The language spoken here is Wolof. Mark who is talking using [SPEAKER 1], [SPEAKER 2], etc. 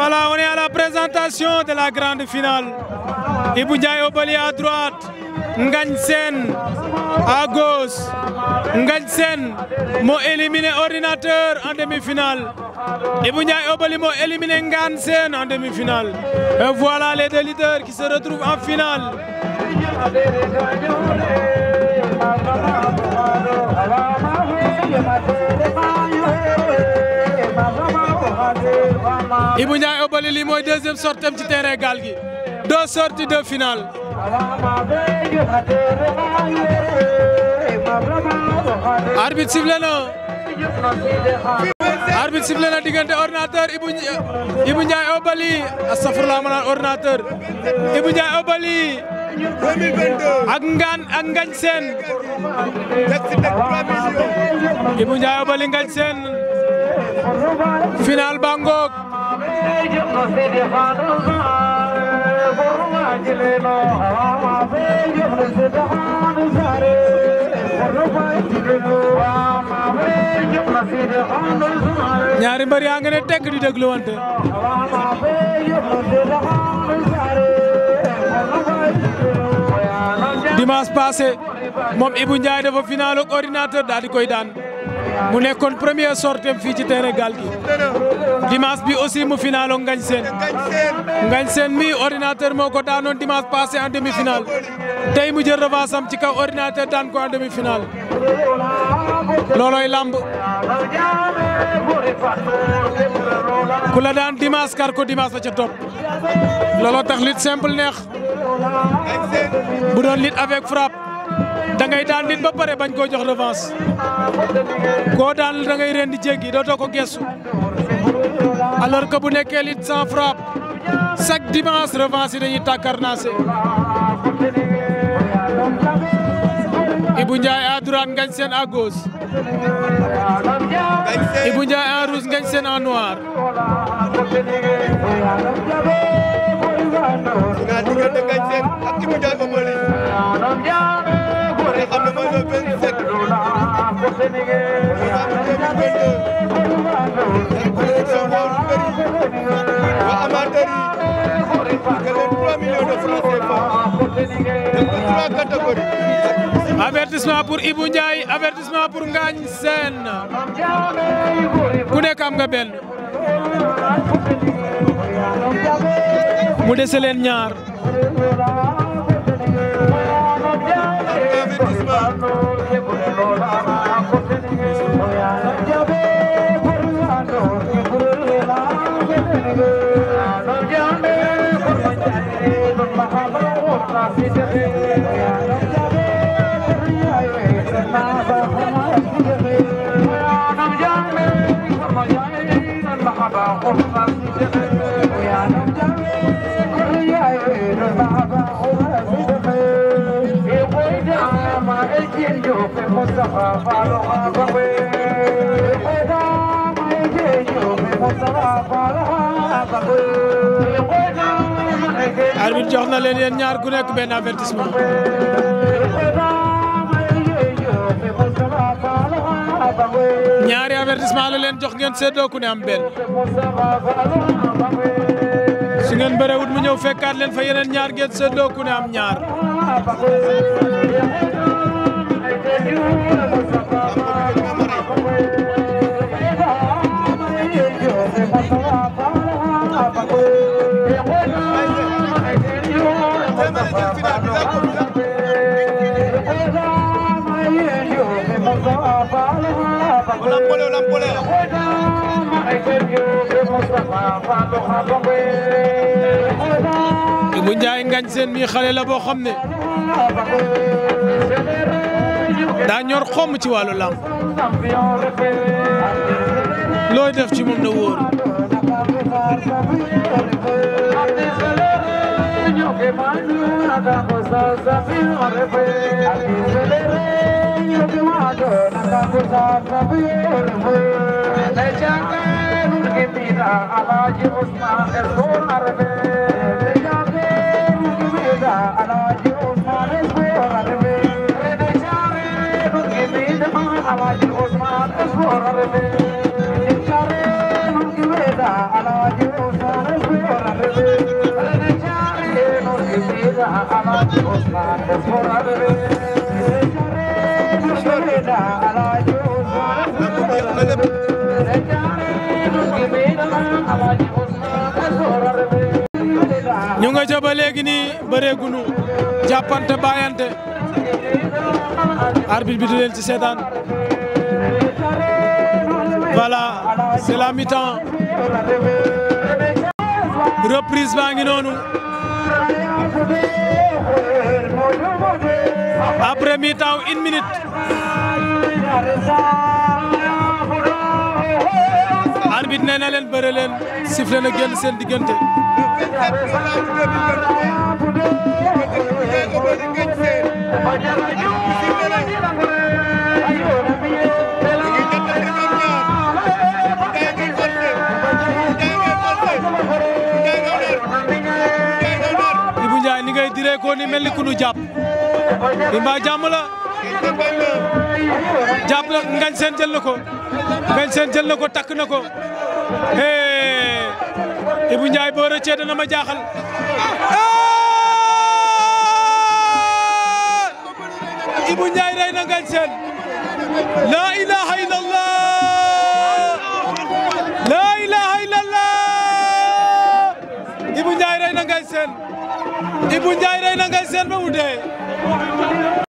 [SPEAKER 1] Voilà, on est à la présentation de la grande finale. Ibou Ndiaye Obali à droite, Ngagne Sène à gauche. Ngagne Sène moo éliminé Ordinateur en demi-finale. Ibou Ndiaye Obali moo éliminé Ngagne Sène en demi-finale. Et voilà les deux leaders qui se retrouvent en finale. Ibou Ndiaye Obali lii mooy deuxième sortie ci terrain gaal gi deux sorties de finale. arbitre sifflé diggante ordinateur Ibou Ibou Ndiaye a astafurlah ma naan ordinateur Ibou Ndiaye Obali. 2022 ak ngaan ak Obali ngañ seen. final ñaari mbër yaa ngi tekk di déglu wante dimanche passé moom Ibou Ndiaye dafa final ak ordinateur daal koy daan mu nekkoon première sortie fii ci terrain gaal gi dimanche bi aussi mu finalo Ngagne Sène Ngagne Sène mi ordinateur moo ko daanoon dimanche passé en demi tey mu jël revanche ci kaw ordinateur daan ko en demi-finale loolooy lamb ku la daan dimanche kar ko dimanche ca topp looloo tax lutte simple neex bu doon lutte avec frappe da ngay daan nit ba pare bañ koo jox revanche koo daan da ngay di jéggi dootoo ko gestu alors que bu nekkee lit sans frappe chaque dimanche revanche yi dañuy tàkkar naase Ibou Ndiaye à droite Ngagne Sène à avertissement pour Ibou Ndiaye avertissement pour Ngagne Sène ku nekk am nga benn mu dese ñaar. arbitre jox na leen yéen ñaar ku nekk benn avertissement. ñaari avertissement leen jox ngeen séddoo ku ne am benn. su ngeen bëree wut mu ñëw fekkaat leen fa yeneen ñaar ngeen séddoo ku ne am ñaar. Lampoleo, Lampoleo. Ibou Ndiaye Ngagne Sène mi xale la boo xam ne daa ñor xomm ci wàllu làmb looy def ci moom na wóor ñu nga ca ba léegi nii bëreegunu jàppante bàyyante arbitre bi du ci seetaan c'est la mi-temps reprise baa ngi noonu après mi-temps une minute arbitre nee na leen bëre leen sifflé na génn ko ni mel ni ku nu jàpp mbaa jàmm la jàpp la jël na ko ngañ seen jël na ko takk na ko hee Ibou Ndiaye boo rëccee dana ma jaaxal ah! Ibou Ndiaye rey na ngañ seen la ilaha illallah la ilaha illallah rey na ngañ seen Ibou Ndiaye rey na ngay seen ba mu dee